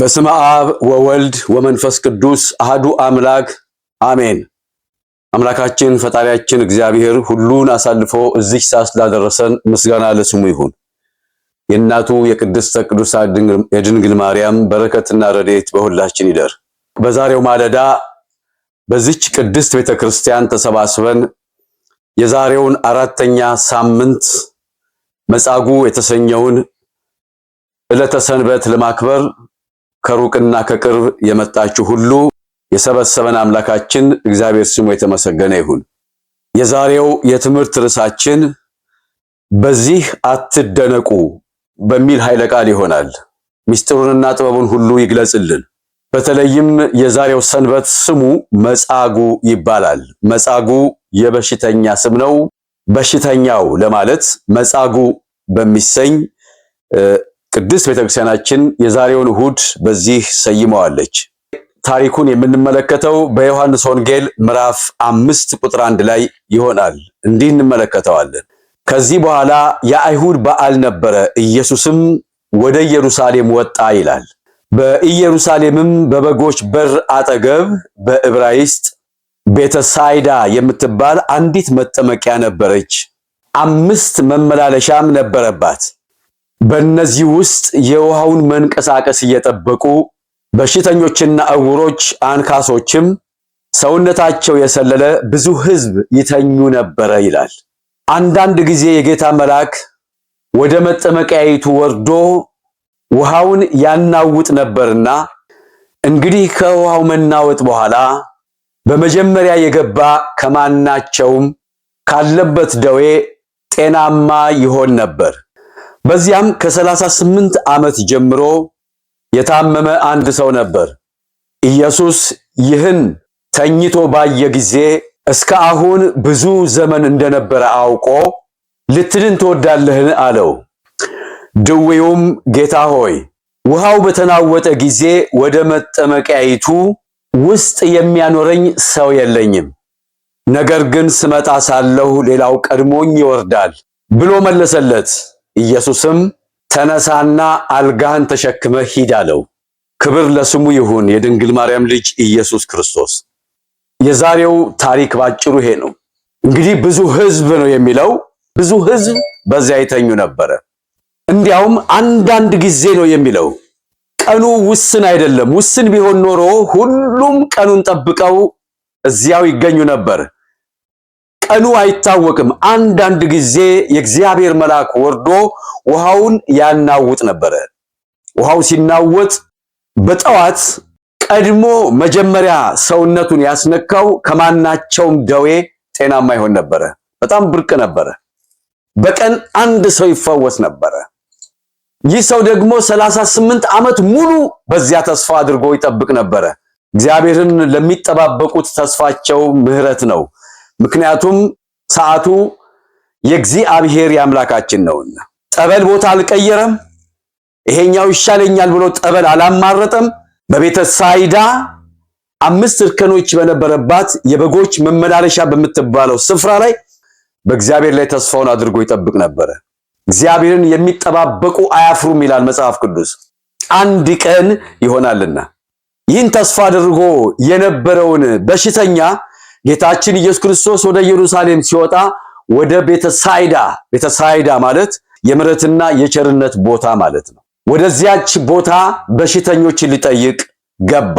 በስመ አብ ወወልድ ወመንፈስ ቅዱስ አህዱ አምላክ አሜን። አምላካችን ፈጣሪያችን እግዚአብሔር ሁሉን አሳልፎ እዚህ ሰዓት ስላደረሰን ምስጋና ለስሙ ይሁን። የእናቱ የቅድስተ ቅዱሳን የድንግል ማርያም በረከትና ረዴት በሁላችን ይደር። በዛሬው ማለዳ በዚች ቅድስት ቤተክርስቲያን ተሰባስበን የዛሬውን አራተኛ ሳምንት መጻጉዕ የተሰኘውን ዕለተ ሰንበት ለማክበር ከሩቅና ከቅርብ የመጣችሁ ሁሉ የሰበሰበን አምላካችን እግዚአብሔር ስሙ የተመሰገነ ይሁን። የዛሬው የትምህርት ርዕሳችን በዚህ አትደነቁ በሚል ኃይለ ቃል ይሆናል። ምስጢሩንና ጥበቡን ሁሉ ይግለጽልን። በተለይም የዛሬው ሰንበት ስሙ መጻጉ ይባላል። መጻጉ የበሽተኛ ስም ነው። በሽተኛው ለማለት መጻጉ በሚሰኝ ቅድስት ቤተክርስቲያናችን የዛሬውን እሁድ በዚህ ሰይመዋለች። ታሪኩን የምንመለከተው በዮሐንስ ወንጌል ምዕራፍ አምስት ቁጥር አንድ ላይ ይሆናል። እንዲህ እንመለከተዋለን። ከዚህ በኋላ የአይሁድ በዓል ነበረ፣ ኢየሱስም ወደ ኢየሩሳሌም ወጣ ይላል። በኢየሩሳሌምም በበጎች በር አጠገብ በዕብራይስጥ ቤተሳይዳ የምትባል አንዲት መጠመቂያ ነበረች፣ አምስት መመላለሻም ነበረባት። በእነዚህ ውስጥ የውሃውን መንቀሳቀስ እየጠበቁ በሽተኞችና ዕውሮች አንካሶችም ሰውነታቸው የሰለለ ብዙ ሕዝብ ይተኙ ነበረ ይላል። አንዳንድ ጊዜ የጌታ መልአክ ወደ መጠመቂያይቱ ወርዶ ውሃውን ያናውጥ ነበርና እንግዲህ ከውሃው መናወጥ በኋላ በመጀመሪያ የገባ ከማናቸውም ካለበት ደዌ ጤናማ ይሆን ነበር። በዚያም ከ38 ዓመት ጀምሮ የታመመ አንድ ሰው ነበር። ኢየሱስ ይህን ተኝቶ ባየ ጊዜ እስከ አሁን ብዙ ዘመን እንደነበረ አውቆ ልትድን ትወዳለህን? አለው። ድዌውም ጌታ ሆይ ውሃው በተናወጠ ጊዜ ወደ መጠመቂያይቱ ውስጥ የሚያኖረኝ ሰው የለኝም፣ ነገር ግን ስመጣ ሳለሁ ሌላው ቀድሞኝ ይወርዳል ብሎ መለሰለት። ኢየሱስም ተነሳና አልጋህን ተሸክመ ሂድ አለው። ክብር ለስሙ ይሁን። የድንግል ማርያም ልጅ ኢየሱስ ክርስቶስ። የዛሬው ታሪክ ባጭሩ ይሄ ነው። እንግዲህ ብዙ ህዝብ ነው የሚለው ብዙ ህዝብ በዚያ አይተኙ ነበረ። እንዲያውም አንዳንድ ጊዜ ነው የሚለው ቀኑ ውስን አይደለም። ውስን ቢሆን ኖሮ ሁሉም ቀኑን ጠብቀው እዚያው ይገኙ ነበር። ቀኑ አይታወቅም። አንዳንድ ጊዜ የእግዚአብሔር መልአክ ወርዶ ውሃውን ያናውጥ ነበረ። ውሃው ሲናወጥ በጠዋት ቀድሞ መጀመሪያ ሰውነቱን ያስነካው ከማናቸውም ደዌ ጤናማ ይሆን ነበረ። በጣም ብርቅ ነበረ። በቀን አንድ ሰው ይፈወስ ነበረ። ይህ ሰው ደግሞ ሰላሳ ስምንት ዓመት ሙሉ በዚያ ተስፋ አድርጎ ይጠብቅ ነበረ። እግዚአብሔርን ለሚጠባበቁት ተስፋቸው ምሕረት ነው። ምክንያቱም ሰዓቱ የእግዚአብሔር የአምላካችን ነውና። ጠበል ቦታ አልቀየረም። ይሄኛው ይሻለኛል ብሎ ጠበል አላማረጠም። በቤተ ሳይዳ አምስት እርከኖች በነበረባት የበጎች መመላለሻ በምትባለው ስፍራ ላይ በእግዚአብሔር ላይ ተስፋውን አድርጎ ይጠብቅ ነበረ። እግዚአብሔርን የሚጠባበቁ አያፍሩም ይላል መጽሐፍ ቅዱስ። አንድ ቀን ይሆናልና ይህን ተስፋ አድርጎ የነበረውን በሽተኛ ጌታችን ኢየሱስ ክርስቶስ ወደ ኢየሩሳሌም ሲወጣ ወደ ቤተሳይዳ ቤተሳይዳ ማለት የምሕረትና የቸርነት ቦታ ማለት ነው። ወደዚያች ቦታ በሽተኞችን ሊጠይቅ ገባ።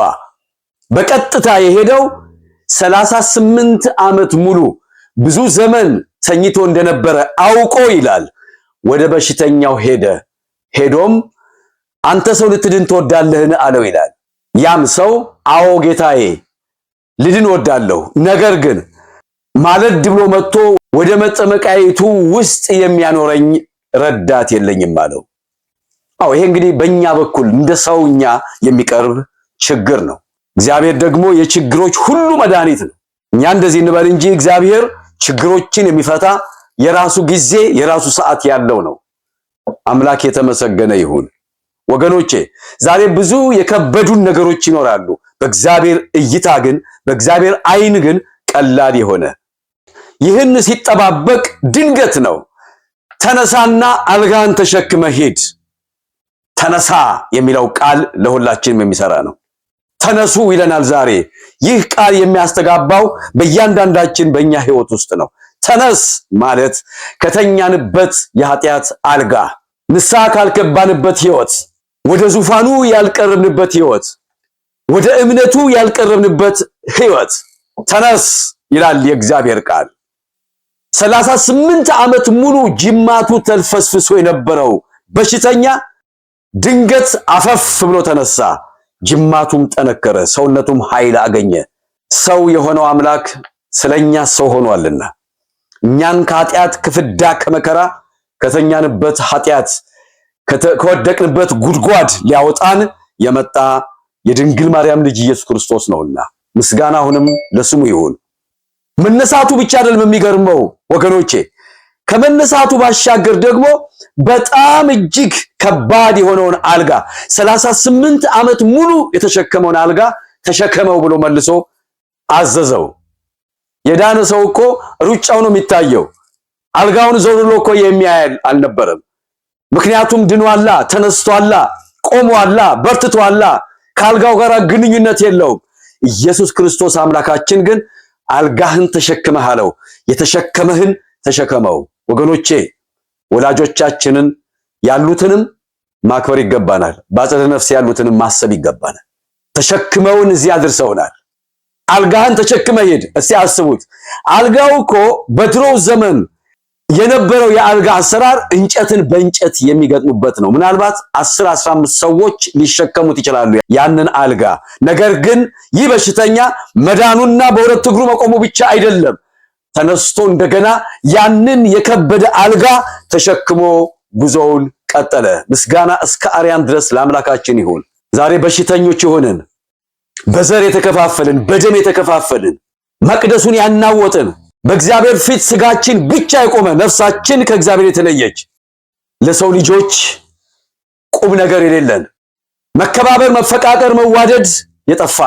በቀጥታ የሄደው ሰላሳ ስምንት ዓመት ሙሉ ብዙ ዘመን ተኝቶ እንደነበረ አውቆ ይላል ወደ በሽተኛው ሄደ። ሄዶም አንተ ሰው ልትድን ትወዳለህን? አለው ይላል። ያም ሰው አዎ ጌታዬ ልድን ወዳለሁ፣ ነገር ግን ማለድ ብሎ መጥቶ ወደ መጠመቃይቱ ውስጥ የሚያኖረኝ ረዳት የለኝም አለው። አዎ ይሄ እንግዲህ በእኛ በኩል እንደ ሰውኛ የሚቀርብ ችግር ነው። እግዚአብሔር ደግሞ የችግሮች ሁሉ መድኃኒት ነው። እኛ እንደዚህ እንበል እንጂ እግዚአብሔር ችግሮችን የሚፈታ የራሱ ጊዜ የራሱ ሰዓት ያለው ነው። አምላክ የተመሰገነ ይሁን። ወገኖቼ ዛሬ ብዙ የከበዱን ነገሮች ይኖራሉ። በእግዚአብሔር እይታ ግን በእግዚአብሔር አይን ግን ቀላል የሆነ ይህን ሲጠባበቅ ድንገት ነው። ተነሳና አልጋን ተሸክመ ሂድ። ተነሳ የሚለው ቃል ለሁላችንም የሚሰራ ነው። ተነሱ ይለናል ዛሬ። ይህ ቃል የሚያስተጋባው በእያንዳንዳችን በእኛ ሕይወት ውስጥ ነው። ተነስ ማለት ከተኛንበት የኃጢአት አልጋ፣ ንስሐ ካልገባንበት ሕይወት፣ ወደ ዙፋኑ ያልቀረብንበት ሕይወት ወደ እምነቱ ያልቀረብንበት ህይወት ተነስ ይላል የእግዚአብሔር ቃል። ሰላሳ ስምንት ዓመት ሙሉ ጅማቱ ተልፈስፍሶ የነበረው በሽተኛ ድንገት አፈፍ ብሎ ተነሳ። ጅማቱም ጠነከረ፣ ሰውነቱም ኃይል አገኘ። ሰው የሆነው አምላክ ስለኛ ሰው ሆኗልና እኛን ከኃጢአት ክፍዳ ከመከራ፣ ከተኛንበት ኃጢአት፣ ከወደቅንበት ጉድጓድ ሊያወጣን የመጣ የድንግል ማርያም ልጅ ኢየሱስ ክርስቶስ ነውና ምስጋና አሁንም ለስሙ ይሁን። መነሳቱ ብቻ አይደለም የሚገርመው ወገኖቼ፣ ከመነሳቱ ባሻገር ደግሞ በጣም እጅግ ከባድ የሆነውን አልጋ 38 ስምንት ዓመት ሙሉ የተሸከመውን አልጋ ተሸከመው ብሎ መልሶ አዘዘው። የዳነ ሰው እኮ ሩጫው ነው የሚታየው። አልጋውን ዞር እኮ የሚያያል አልነበረም። ምክንያቱም ድኗላ፣ ተነስቷላ፣ ቆሟላ፣ በርትቷላ ከአልጋው ጋር ግንኙነት የለውም። ኢየሱስ ክርስቶስ አምላካችን ግን አልጋህን ተሸክመህ አለው። የተሸከመህን ተሸከመው። ወገኖቼ ወላጆቻችንን ያሉትንም ማክበር ይገባናል። በአጸደ ነፍስ ያሉትንም ማሰብ ይገባናል። ተሸክመውን እዚህ አድርሰውናል። አልጋህን ተሸክመህ ሄድ። እስቲ አስቡት። አልጋው እኮ በድሮው ዘመን የነበረው የአልጋ አሰራር እንጨትን በእንጨት የሚገጥሙበት ነው። ምናልባት 10 15 ሰዎች ሊሸከሙት ይችላሉ ያንን አልጋ። ነገር ግን ይህ በሽተኛ መዳኑና በሁለት እግሩ መቆሙ ብቻ አይደለም፣ ተነስቶ እንደገና ያንን የከበደ አልጋ ተሸክሞ ጉዞውን ቀጠለ። ምስጋና እስከ አርያን ድረስ ለአምላካችን ይሁን። ዛሬ በሽተኞች የሆንን በዘር የተከፋፈልን በደም የተከፋፈልን መቅደሱን ያናወጥን በእግዚአብሔር ፊት ስጋችን ብቻ የቆመ ነፍሳችን ከእግዚአብሔር የተለየች ለሰው ልጆች ቁም ነገር የሌለን መከባበር፣ መፈቃቀር፣ መዋደድ የጠፋ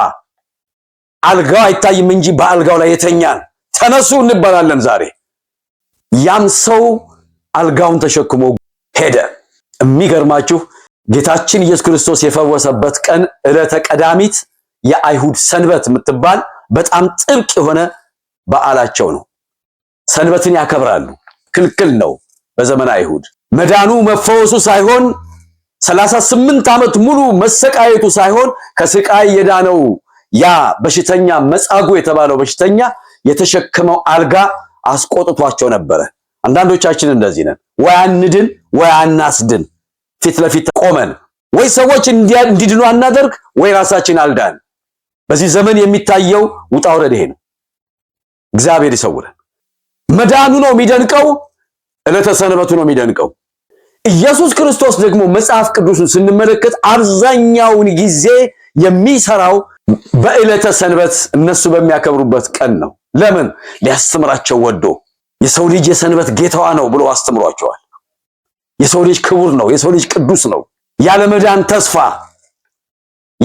አልጋው አይታይም እንጂ በአልጋው ላይ የተኛን ተነሱ እንባላለን ዛሬ። ያም ሰው አልጋውን ተሸክሞ ሄደ። የሚገርማችሁ ጌታችን ኢየሱስ ክርስቶስ የፈወሰበት ቀን ዕለተ ቀዳሚት የአይሁድ ሰንበት የምትባል በጣም ጥብቅ የሆነ በዓላቸው ነው። ሰንበትን ያከብራሉ። ክልክል ነው በዘመነ አይሁድ። መዳኑ መፈወሱ ሳይሆን ሰላሳ ስምንት ዓመት ሙሉ መሰቃየቱ ሳይሆን ከስቃይ የዳነው ያ በሽተኛ መጻጉ የተባለው በሽተኛ የተሸከመው አልጋ አስቆጥቷቸው ነበረ። አንዳንዶቻችን እንደዚህ ነን። ወይ አንድን ወይ አናስድን። ፊት ለፊት ቆመን ወይ ሰዎች እንዲድኑ አናደርግ ወይ ራሳችን አልዳን። በዚህ ዘመን የሚታየው ውጣ ውረድ ይሄ ነው። እግዚአብሔር ይሰውረን። መዳኑ ነው የሚደንቀው፣ ዕለተ ሰንበቱ ነው የሚደንቀው። ኢየሱስ ክርስቶስ ደግሞ መጽሐፍ ቅዱስን ስንመለከት አብዛኛውን ጊዜ የሚሰራው በዕለተ ሰንበት እነሱ በሚያከብሩበት ቀን ነው። ለምን? ሊያስተምራቸው ወዶ የሰው ልጅ የሰንበት ጌታዋ ነው ብሎ አስተምሯቸዋል። የሰው ልጅ ክቡር ነው። የሰው ልጅ ቅዱስ ነው። ያለ መዳን ተስፋ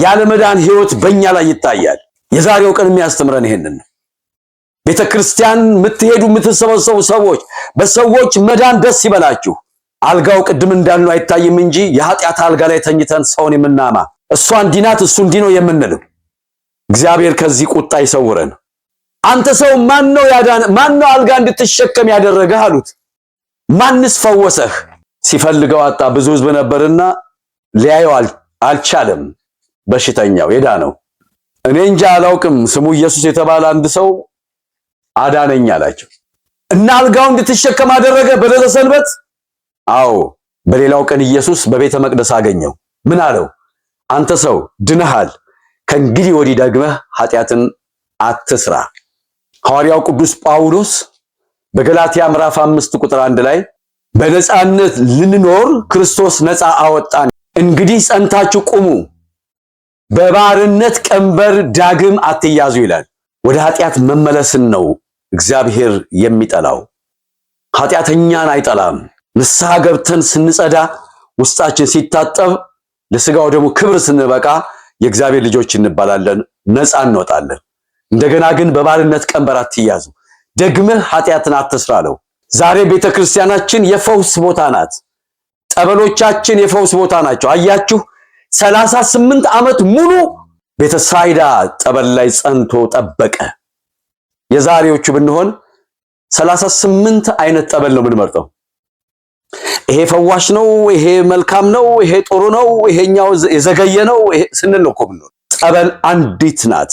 ያለ መዳን ሕይወት በእኛ ላይ ይታያል። የዛሬው ቀን የሚያስተምረን ይሄንን ነው። ቤተ ክርስቲያን የምትሄዱ የምትሰበሰቡ ሰዎች በሰዎች መዳን ደስ ይበላችሁ። አልጋው ቅድም እንዳልነው አይታይም እንጂ የኃጢአት አልጋ ላይ ተኝተን ሰውን የምናማ እሷ እንዲናት እሱ ነው የምንልም እግዚአብሔር ከዚህ ቁጣ ይሰውረን። አንተ ሰው ማን ነው ያዳነ? ማን ነው አልጋ እንድትሸከም ያደረገህ አሉት። ማንስ ፈወሰህ? ሲፈልገው አጣ። ብዙ ህዝብ ነበርና ሊያየው አልቻለም። በሽተኛው የዳነው እኔ እንጃ አላውቅም። ስሙ ኢየሱስ የተባለ አንድ ሰው አዳነኝ አላቸው እና አልጋው እንድትሸከም አደረገ። በሌለ ሰንበት አዎ፣ በሌላው ቀን ኢየሱስ በቤተ መቅደስ አገኘው። ምን አለው? አንተ ሰው ድነሃል፣ ከእንግዲህ ወዲህ ደግመህ ኃጢአትን አትስራ። ሐዋርያው ቅዱስ ጳውሎስ በገላትያ ምዕራፍ አምስት ቁጥር አንድ ላይ በነጻነት ልንኖር ክርስቶስ ነፃ አወጣን፣ እንግዲህ ጸንታችሁ ቁሙ፣ በባርነት ቀንበር ዳግም አትያዙ ይላል። ወደ ኃጢአት መመለስን ነው እግዚአብሔር የሚጠላው። ኃጢአተኛን አይጠላም። ንስሐ ገብተን ስንጸዳ፣ ውስጣችን ሲታጠብ፣ ለስጋው ደግሞ ክብር ስንበቃ የእግዚአብሔር ልጆች እንባላለን፣ ነፃ እንወጣለን። እንደገና ግን በባርነት ቀንበር አትያዙ፣ ደግመህ ኃጢአትን አትስራ ዛሬ ቤተ ክርስቲያናችን የፈውስ ቦታ ናት። ጠበሎቻችን የፈውስ ቦታ ናቸው። አያችሁ፣ ሰላሳ ስምንት ዓመት ሙሉ ቤተ ሳይዳ ጠበል ላይ ጸንቶ ጠበቀ። የዛሬዎቹ ብንሆን ሰላሳ አይነት ጠበል ነው የምንመርጠው። ይሄ ፈዋሽ ነው፣ ይሄ መልካም ነው፣ ይሄ ጥሩ ነው፣ ይሄኛው የዘገየ ነው ስንል ነው እኮ ብንሆን። ጠበል አንዲት ናት፣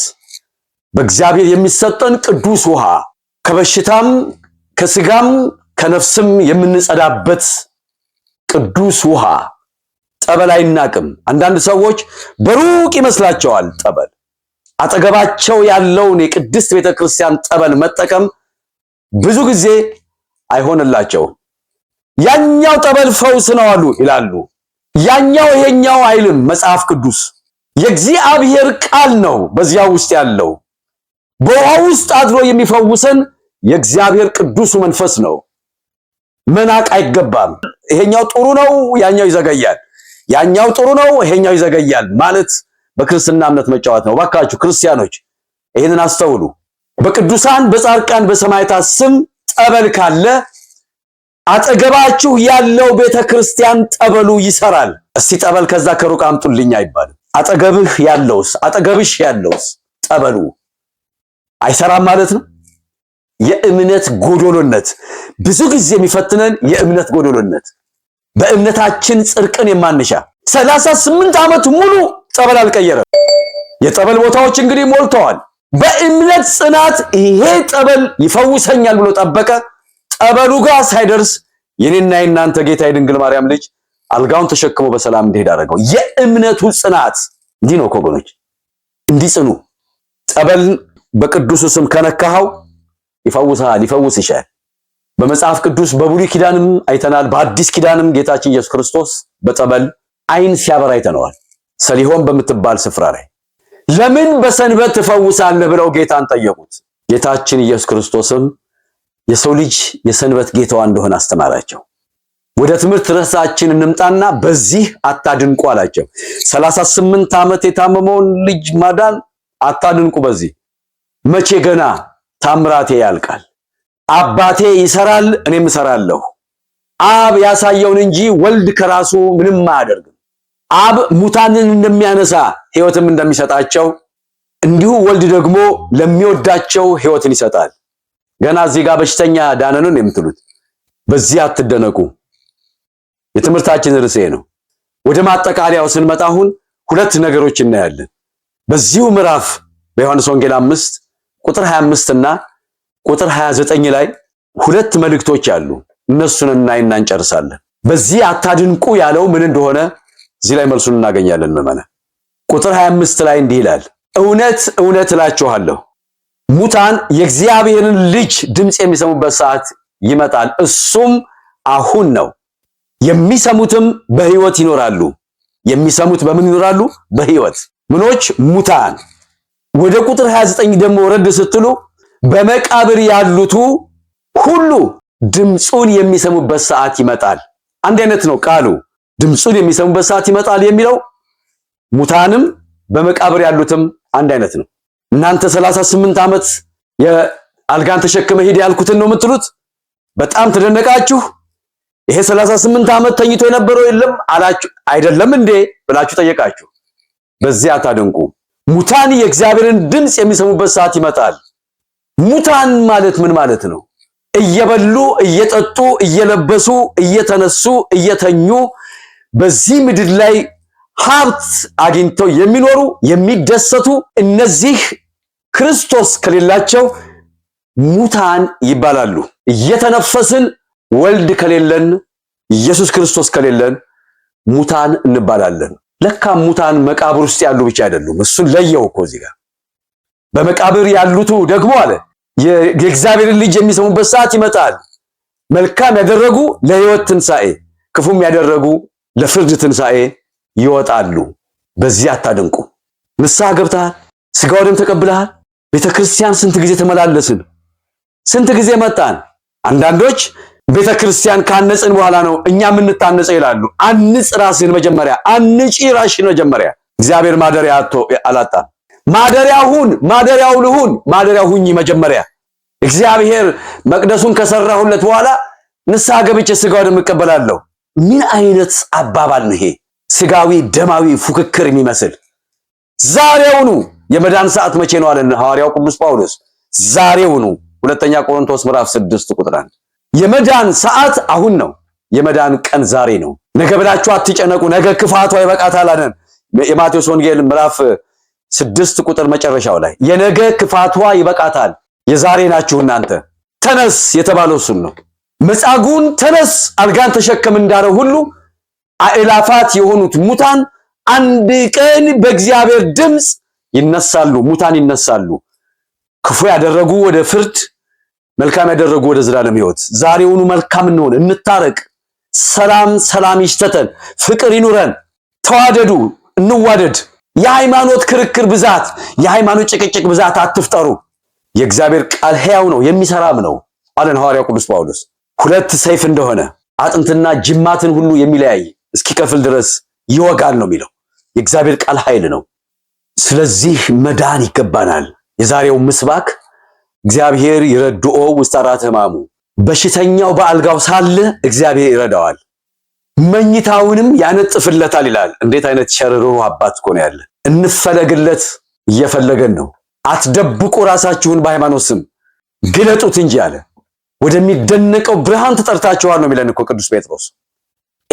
በእግዚአብሔር የሚሰጠን ቅዱስ ውሃ ከበሽታም ከስጋም ከነፍስም የምንጸዳበት ቅዱስ ውሃ ጠበል አይናቅም። አንዳንድ ሰዎች በሩቅ ይመስላቸዋል ጠበል አጠገባቸው ያለውን የቅድስት ቤተክርስቲያን ጠበል መጠቀም ብዙ ጊዜ አይሆንላቸውም። ያኛው ጠበል ፈውስ ነው አሉ ይላሉ። ያኛው ይሄኛው አይልም መጽሐፍ ቅዱስ። የእግዚአብሔር ቃል ነው በዚያ ውስጥ ያለው። በውሃ ውስጥ አድሮ የሚፈውሰን የእግዚአብሔር ቅዱሱ መንፈስ ነው። መናቅ አይገባም። ይሄኛው ጥሩ ነው፣ ያኛው ይዘገያል፣ ያኛው ጥሩ ነው፣ ይሄኛው ይዘገያል ማለት በክርስትና እምነት መጫወት ነው። ባካችሁ ክርስቲያኖች ይህንን አስተውሉ። በቅዱሳን በጻድቃን በሰማዕታት ስም ጠበል ካለ አጠገባችሁ ያለው ቤተ ክርስቲያን ጠበሉ ይሰራል። እስቲ ጠበል ከዛ ከሩቅ አምጡልኝ አይባልም። አጠገብህ ያለውስ አጠገብሽ ያለውስ ጠበሉ አይሰራም ማለት ነው። የእምነት ጎዶሎነት ብዙ ጊዜ የሚፈትነን የእምነት ጎዶሎነት፣ በእምነታችን ጽድቅን የማንሻ ሰላሳ ስምንት ዓመት ሙሉ ጸበል አልቀየረም። የጸበል ቦታዎች እንግዲህ ሞልተዋል። በእምነት ጽናት ይሄ ጸበል ይፈውሰኛል ብሎ ጠበቀ። ጸበሉ ጋር ሳይደርስ የኔና የናንተ ጌታ የድንግል ማርያም ልጅ አልጋውን ተሸክሞ በሰላም እንዲሄድ አደረገው። የእምነቱ ጽናት እንዲህ ነው ወገኖች፣ እንዲጽኑ ጸበልን በቅዱሱ ስም ከነካኸው ይፈውሰሃል፣ ይፈውስ ይሻል። በመጽሐፍ ቅዱስ በብሉይ ኪዳንም አይተናል፣ በአዲስ ኪዳንም ጌታችን ኢየሱስ ክርስቶስ በጸበል አይን ሲያበራ አይተነዋል። ሰሊሆን በምትባል ስፍራ ላይ ለምን በሰንበት ትፈውሳለህ ብለው ጌታን ጠየቁት። ጌታችን ኢየሱስ ክርስቶስም የሰው ልጅ የሰንበት ጌታዋ እንደሆነ አስተማራቸው። ወደ ትምህርት ርዕሳችን እንምጣና በዚህ አታድንቁ አላቸው። 38 ስምንት ዓመት የታመመውን ልጅ ማዳን አታድንቁ። በዚህ መቼ ገና ታምራቴ ያልቃል፣ አባቴ ይሰራል፣ እኔም እሰራለሁ። አብ ያሳየውን እንጂ ወልድ ከራሱ ምንም አያደርግም። አብ ሙታንን እንደሚያነሳ ሕይወትም እንደሚሰጣቸው እንዲሁ ወልድ ደግሞ ለሚወዳቸው ሕይወትን ይሰጣል። ገና እዚህ ጋር በሽተኛ ዳነንን የምትሉት በዚህ አትደነቁ። የትምህርታችን ርዕሴ ነው። ወደ ማጠቃለያው ስንመጣ አሁን ሁለት ነገሮች እናያለን። በዚሁ ምዕራፍ በዮሐንስ ወንጌል 5 ቁጥር 25 እና ቁጥር 29 ላይ ሁለት መልእክቶች አሉ። እነሱን እናይና እንጨርሳለን። በዚህ አታድንቁ ያለው ምን እንደሆነ እዚህ ላይ መልሱን እናገኛለን። መመነ ቁጥር 25 ላይ እንዲህ ይላል፣ እውነት እውነት እላችኋለሁ ሙታን የእግዚአብሔርን ልጅ ድምፅ የሚሰሙበት ሰዓት ይመጣል፣ እሱም አሁን ነው። የሚሰሙትም በሕይወት ይኖራሉ። የሚሰሙት በምን ይኖራሉ? በሕይወት ምኖች? ሙታን። ወደ ቁጥር 29 ደግሞ ረድ ስትሉ በመቃብር ያሉቱ ሁሉ ድምፁን የሚሰሙበት ሰዓት ይመጣል። አንድ አይነት ነው ቃሉ። ድምፁን የሚሰሙበት ሰዓት ይመጣል የሚለው ሙታንም በመቃብር ያሉትም አንድ አይነት ነው። እናንተ ሰላሳ ስምንት ዓመት የአልጋን ተሸክመ ሂድ ያልኩትን ነው የምትሉት። በጣም ተደነቃችሁ። ይሄ 38 ስምንት ዓመት ተኝቶ የነበረው የለም አላችሁ አይደለም እንዴ ብላችሁ ጠየቃችሁ። በዚያ አታደንቁ። ሙታን የእግዚአብሔርን ድምፅ የሚሰሙበት ሰዓት ይመጣል። ሙታን ማለት ምን ማለት ነው? እየበሉ እየጠጡ እየለበሱ እየተነሱ እየተኙ በዚህ ምድር ላይ ሀብት አግኝተው የሚኖሩ የሚደሰቱ እነዚህ ክርስቶስ ከሌላቸው ሙታን ይባላሉ። እየተነፈስን ወልድ ከሌለን ኢየሱስ ክርስቶስ ከሌለን ሙታን እንባላለን። ለካ ሙታን መቃብር ውስጥ ያሉ ብቻ አይደሉም። እሱን ለየው እኮ እዚህ ጋር በመቃብር ያሉቱ ደግሞ አለ የእግዚአብሔርን ልጅ የሚሰሙበት ሰዓት ይመጣል። መልካም ያደረጉ ለሕይወት ትንሣኤ፣ ክፉም ያደረጉ ለፍርድ ትንሣኤ ይወጣሉ። በዚህ አታደንቁ። ንስሐ ገብተሃል፣ ስጋ ወደም ተቀብለሃል። ቤተ ክርስቲያን ስንት ጊዜ ተመላለስን፣ ስንት ጊዜ መጣን። አንዳንዶች ቤተ ክርስቲያን ካነጽን በኋላ ነው እኛ የምንታነጸው ይላሉ። አንጽ ራስን መጀመሪያ፣ አንጪ ራስህን መጀመሪያ። እግዚአብሔር ማደሪያ አቶ አላጣ ማደሪያው ሁን፣ ማደሪያው ልሁን፣ ማደሪያው ሁኝ መጀመሪያ። እግዚአብሔር መቅደሱን ከሰራሁለት በኋላ ንስሐ ገብቼ ስጋውን እቀበላለሁ። ምን አይነት አባባል ነው ይሄ? ስጋዊ ደማዊ ፉክክር የሚመስል ዛሬውኑ የመዳን ሰዓት መቼ ነው አለን ሐዋርያው ቅዱስ ጳውሎስ። ዛሬውኑ ሁለተኛ ቆሮንቶስ ምዕራፍ 6 ቁጥር 1 የመዳን ሰዓት አሁን ነው። የመዳን ቀን ዛሬ ነው። ነገ ብላችሁ አትጨነቁ፣ ነገ ክፋቷ ይበቃታል አለን የማቴዎስ ወንጌል ምዕራፍ ስድስት ቁጥር መጨረሻው ላይ የነገ ክፋቷ ይበቃታል፣ የዛሬ ናችሁ እናንተ። ተነስ የተባለው እሱን ነው። መጻጉን ተነስ አልጋን ተሸከም እንዳለው ሁሉ አእላፋት የሆኑት ሙታን አንድ ቀን በእግዚአብሔር ድምፅ ይነሳሉ። ሙታን ይነሳሉ። ክፉ ያደረጉ ወደ ፍርድ፣ መልካም ያደረጉ ወደ ዘላለም ሕይወት። ዛሬውኑ መልካም እንሆን፣ እንታረቅ። ሰላም ሰላም ይሽተተን፣ ፍቅር ይኑረን። ተዋደዱ፣ እንዋደድ። የሃይማኖት ክርክር ብዛት፣ የሃይማኖት ጭቅጭቅ ብዛት አትፍጠሩ። የእግዚአብሔር ቃል ሕያው ነው፣ የሚሰራም ነው አለን ሐዋርያው ቅዱስ ጳውሎስ። ሁለት ሰይፍ እንደሆነ አጥንትና ጅማትን ሁሉ የሚለያይ እስኪከፍል ድረስ ይወጋል ነው የሚለው። የእግዚአብሔር ቃል ኃይል ነው። ስለዚህ መዳን ይገባናል። የዛሬው ምስባክ እግዚአብሔር ይረድኦ ውስተ አራት ሕማሙ፣ በሽተኛው በአልጋው ሳለ እግዚአብሔር ይረዳዋል፣ መኝታውንም ያነጥፍለታል ይላል። እንዴት አይነት ሸርሮ አባት እኮ ያለ። እንፈለግለት፣ እየፈለገን ነው። አትደብቁ ራሳችሁን በሃይማኖት ስም ግለጡት እንጂ አለ። ወደሚደነቀው ብርሃን ተጠርታችኋል ነው የሚለን እኮ ቅዱስ ጴጥሮስ።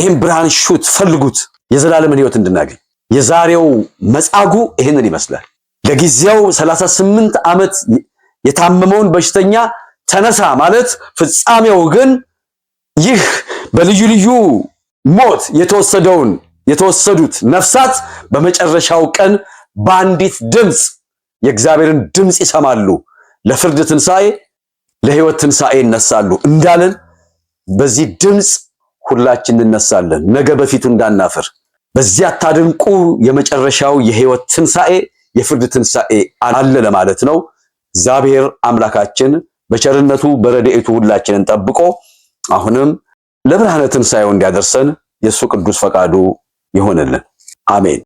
ይህም ብርሃን ሹት ፈልጉት፣ የዘላለምን ህይወት እንድናገኝ። የዛሬው መጻጉ ይህንን ይመስላል። ለጊዜው 38 ዓመት የታመመውን በሽተኛ ተነሳ ማለት ፍጻሜው ግን ይህ በልዩ ልዩ ሞት የተወሰደውን የተወሰዱት ነፍሳት በመጨረሻው ቀን በአንዲት ድምፅ የእግዚአብሔርን ድምፅ ይሰማሉ ለፍርድ ትንሣኤ ለህይወት ትንሣኤ ይነሳሉ እንዳለን በዚህ ድምፅ ሁላችን እንነሳለን። ነገ በፊቱ እንዳናፍር። በዚህ አታድንቁ። የመጨረሻው የህይወት ትንሣኤ የፍርድ ትንሣኤ አለ ለማለት ነው። እግዚአብሔር አምላካችን በቸርነቱ በረድኤቱ ሁላችንን ጠብቆ አሁንም ለብርሃነ ትንሣኤው እንዲያደርሰን የእሱ ቅዱስ ፈቃዱ ይሆንልን። አሜን።